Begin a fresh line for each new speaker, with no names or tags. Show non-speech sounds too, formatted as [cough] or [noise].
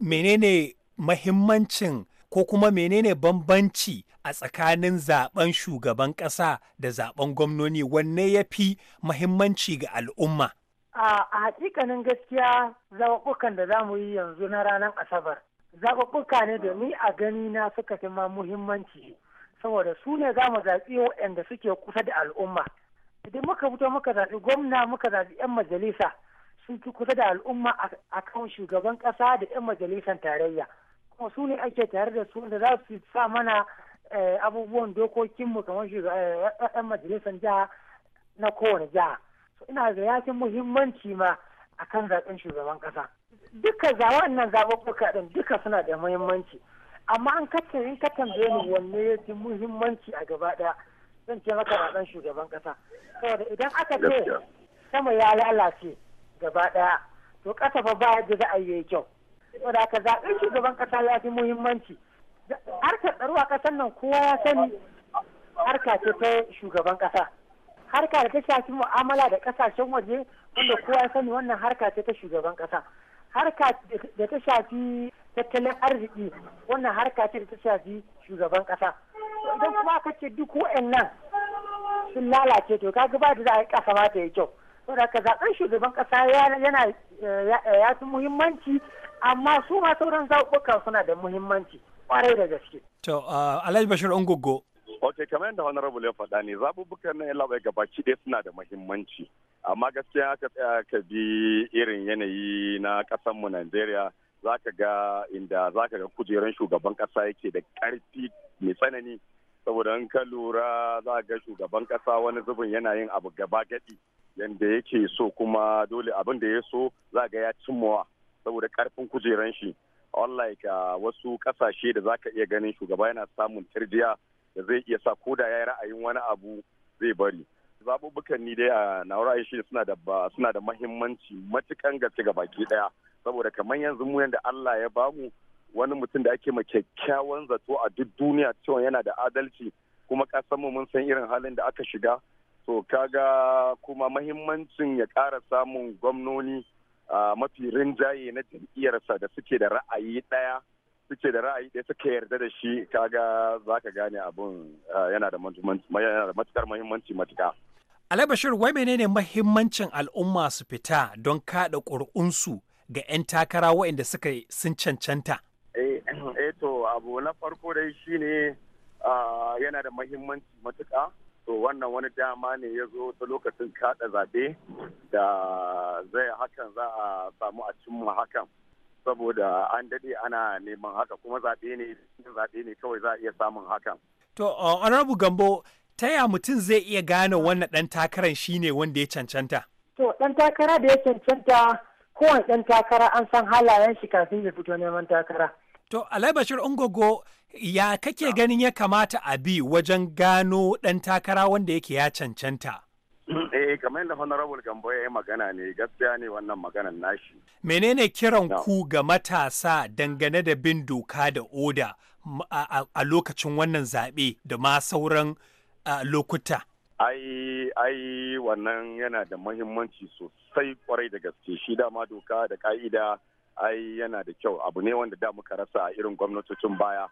menene mahimmancin ko kuma menene bambanci a tsakanin zaben shugaban ƙasa da zaben gwamnoni wanne ya fi mahimmanci ga al'umma?
A hakikanin gaskiya zaɓuɓɓukan da za mu yi yanzu na ranar Asabar. Zaɓuɓɓuka ne da ni a gani na suka fi ma muhimmanci saboda su ne za mu zaɓi waɗanda suke kusa da al'umma. Idan muka fito muka zaɓi gwamna muka zaɓi 'yan majalisa sun fi kusa da al'umma a kan shugaban kasa da 'yan majalisar tarayya kuma su ne ake tare da su da za su sa mana eh, abubuwan dokokinmu kamar 'yan eh, majalisar jiha na kowane jiha ina ga yakin muhimmanci ma a kan zaɓen shugaban kasa duka zaɓen nan zaɓuɓɓuka ɗin duka suna da muhimmanci amma an kacce in ka tambaye ni wanne ya fi muhimmanci a gaba ɗaya zan ce maka zaɓen shugaban kasa saboda idan aka ce sama ya lalace gaba ɗaya to ƙasa fa ba yadda za a yi kyau saboda ka zaɓen shugaban ƙasa ya fi muhimmanci harkar tsaro a ƙasar nan kowa ya sani harka ce ta shugaban ƙasa harka da ta shafi mu'amala da ƙasashen waje wanda kowa ya sani wannan harka ce ta shugaban ƙasa harka da ta shafi tattalin arziki wannan harka ce da ta shafi shugaban ƙasa idan kuma ka ce duk wa'annan sun lalace to ka ba da za a yi ƙasa ma ta yi kyau saboda ka zaben shugaban kasa yana ya fi muhimmanci amma su ma sauran zaɓuɓɓuka suna da muhimmanci kwarai da gaske.
To uh, Alhaji Bashir Ungogo.
Ok kamar yadda honorable ya faɗa ne zaɓuɓɓukan na yalawa gabaci ɗaya suna da muhimmanci amma gaskiya aka tsaya ka bi irin yanayi na ƙasanmu Najeriya za ka ga inda za ka ga kujerun shugaban ƙasa yake da ƙarfi mai tsanani saboda in ka lura za ga shugaban ƙasa wani zubin yana yin abu gaba gaɗi yadda yake so kuma dole abin da ya so za ga ya cimmawa saboda karfin kujeran shi unlike uh, wasu kasashe da zaka iya ganin shugaba yana samun tarjiya da zai iya sa koda ya yi ra'ayin wani abu zai bari zaɓuɓɓukan ni dai a uh, na'urar shi suna da suna da mahimmanci matukan gaske ga baki daya saboda kamar yanzu mu yanda Allah ya bamu wani mutum da ake ma kyakkyawan zato a duk duniya cewa yana da adalci kuma mu mun san irin halin da aka shiga to kaga kuma mahimmancin ya ƙara samun gwamnoni a mafi rinjaye na jam'iyyarsa da suke da ra'ayi ɗaya suke da ra'ayi ɗaya suka yarda da shi kaga za ka gane abun yana da matukar mahimmanci matuka.
Bashir wai menene mahimmancin al'umma su fita don kaɗa ƙuri'unsu ga 'yan takara waɗanda suka sun cancanta?
Eh, eh to abu na farko dai shine yana da mahimmanci matuka. to wannan wani dama ne ya zo ta lokacin kada zaɓe da zai hakan za a samu a cimma hakan saboda an dade ana neman haka kuma zaɓe ne zaɓe ne kawai za a iya samun hakan.
To, uh, Honorable Gambo, ta ya mutum zai iya gane wannan dan takarar shine wanda ya cancanta?
To, dan takara da ya cancanta kowane dan takara an san halayen shi kafin ya fito
neman takara. To, Alai Bashir Ungogo, ya kake ganin ya kamata a bi wajen gano ɗan takara wanda yake ya cancanta?
[clears throat] Eh kamar yadda Honorable Gambo ya yi magana ne gaskiya ne wannan maganan nashi.
Menene kiran ku ga matasa dangane da bin doka da oda a lokacin wannan zaɓe da ma sauran lokuta?
Ai, ai wannan yana da mahimmanci sosai kwarai da gaske shi dama doka da ka'ida ai yana da kyau abu ne wanda da muka rasa a irin gwamnatocin baya